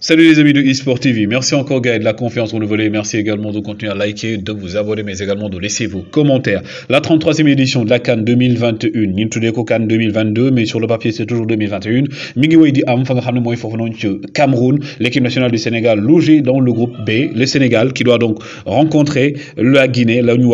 Salut les amis de eSport TV, merci encore Gaël de la confiance vous le voulez, merci également de continuer à liker, de vous abonner, mais également de laisser vos commentaires. La 33e édition de la Cannes 2021, ni Cannes 2022 mais sur le papier c'est toujours 2021 Mingi am Cameroun l'équipe nationale du Sénégal logée dans le groupe B le Sénégal qui doit donc rencontrer la Guinée la ñu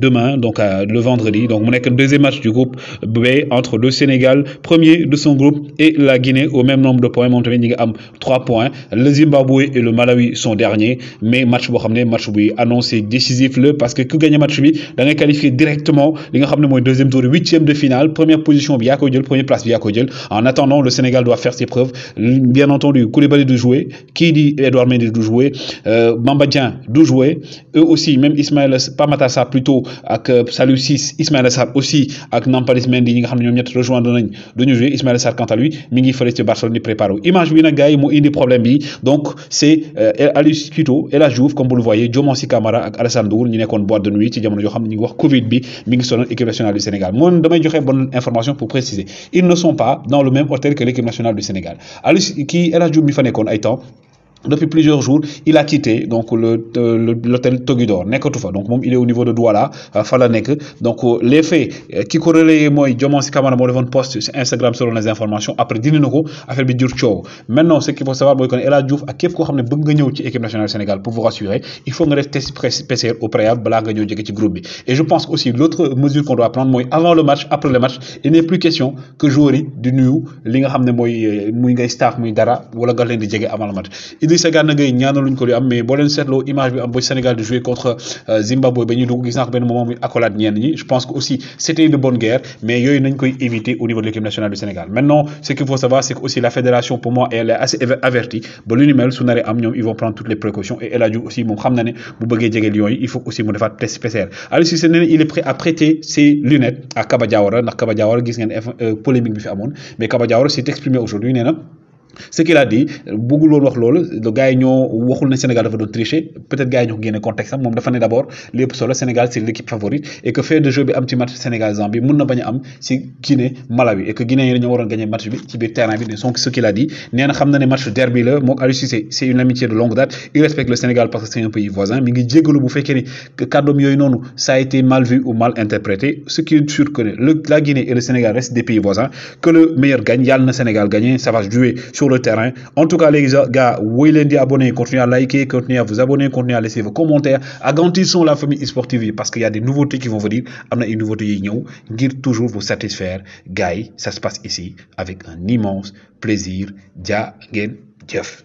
demain donc euh, le vendredi donc on a un deuxième match du groupe B entre le Sénégal premier de son groupe et la Guinée au même nombre de points moom am 3 points le Zimbabwe et le Malawi sont derniers mais match match est annoncé décisif le parce que gagne le match bi da qualifié directement li nga deuxième tour huitième de finale première position bi yaa première place bi en attendant le Sénégal doit faire ses preuves bien entendu Koulibaly doit jouer qui dit Edouard Mendy doit jouer euh, Mambadien doit jouer eux aussi même Ismaïla Pamata Matassa plutôt ak euh, Saliou 6, Ismaïla aussi avec Nampal Mendy ñi nga rejoindre jouer Ismaïla quant à lui mi ngi fële ci Barcelone di préparé image bi il gars problèmes indi donc c'est euh, Alice Kuto et la joue comme vous le voyez Diomansi Kamara ak Alassane Ndour ñu de boîte de nuit ci jamono joo Covid bi mi ngi équipe nationale du Sénégal mon damay une bonne information pour préciser ils ne sont pas dans le même hôtel que l'équipe nationale du Sénégal Alice qui elle a joué mi fa ay depuis plusieurs jours il a quitté donc le euh, l'hôtel Togidor nekkatu donc il est au niveau de Douala euh, Fala Nek donc euh, les faits qui moi, moi, mooy Kamara, Camara post sur Instagram selon les informations après 10 na ko affaire bi jur coow maintenant ce qu'il faut savoir c'est qu'il El a à ak képp koo xam bëgg équipe nationale Sénégal pour vous rassurer il faut nga test PCR au préalable pour nga ñëw groupe et je pense aussi l'autre mesure qu'on doit prendre moi avant le match après le match il n'est plus question que joueurs yi di nuyu li nga xam ne muy ngay staff dara wala avant le match Idrissa Gana ngay ñaanaluñ ko li am mais bo leen setlo image bi am ba Sénégal de jouer contre euh, Zimbabwe ba ñu dugg gis naa ben moment muy accolade ñen ñi je pense que aussi c'était une bonne guerre mais yoy nañ koy éviter au niveau de l'équipe nationale du Sénégal maintenant ce qu'il faut savoir c'est que aussi la fédération pour moi elle est assez avertie ba lu ñu mel su naree am ñom ils vont prendre toutes les précautions et a Hadji aussi mom xam na né bu bëggee jege Lions yi il faut aussi mu defaat test spécial alors si nee il est prêt à prêter ses lunettes à Kaba Diawara ndax Kaba Diawara gis ngeen euh, polémique bi fi amone mais Kaba Diawara s'est exprimé aujourd'hui nee ce qu'il a dit bëggul woon wax loolu gars yi ñoo waxul na Sénégal dafa do tricher peut-être gars yi ñoo contexte am moom dafa né d'abord li ëpp solo Sénégal c'est l'équipe favorite et que fait de jeu bi am ci match Sénégal Zambie mun na am si Guinée Malawi et que Guinée yi dañoo waroon gagner match bi ci biir terrain bi donc ce qu'il a dit néna na xam na match derby la mok Aliou Cissé c'est une amitié de longue date il respecte le Sénégal parce que c'est un pays voisin mi ngi jéggalu bu fekkee ne cadeau yoy noonu ça a été mal vu ou mal interprété ce qui est sûr que la Guinée et le Sénégal restent des pays voisins que le meilleur gagne yalla na Sénégal gagner ça va jouer sur le terrain. En tout cas, les gars, abonnez abonné, continuez à liker, continuez à vous abonner, continuez à laisser vos commentaires. Agrandissons la famille e-Sportive, parce qu'il y a des nouveautés qui vont venir. y a une nouveauté qui toujours vous satisfaire. Guy, ça se passe ici avec un immense plaisir. Dia, Gen Jeff.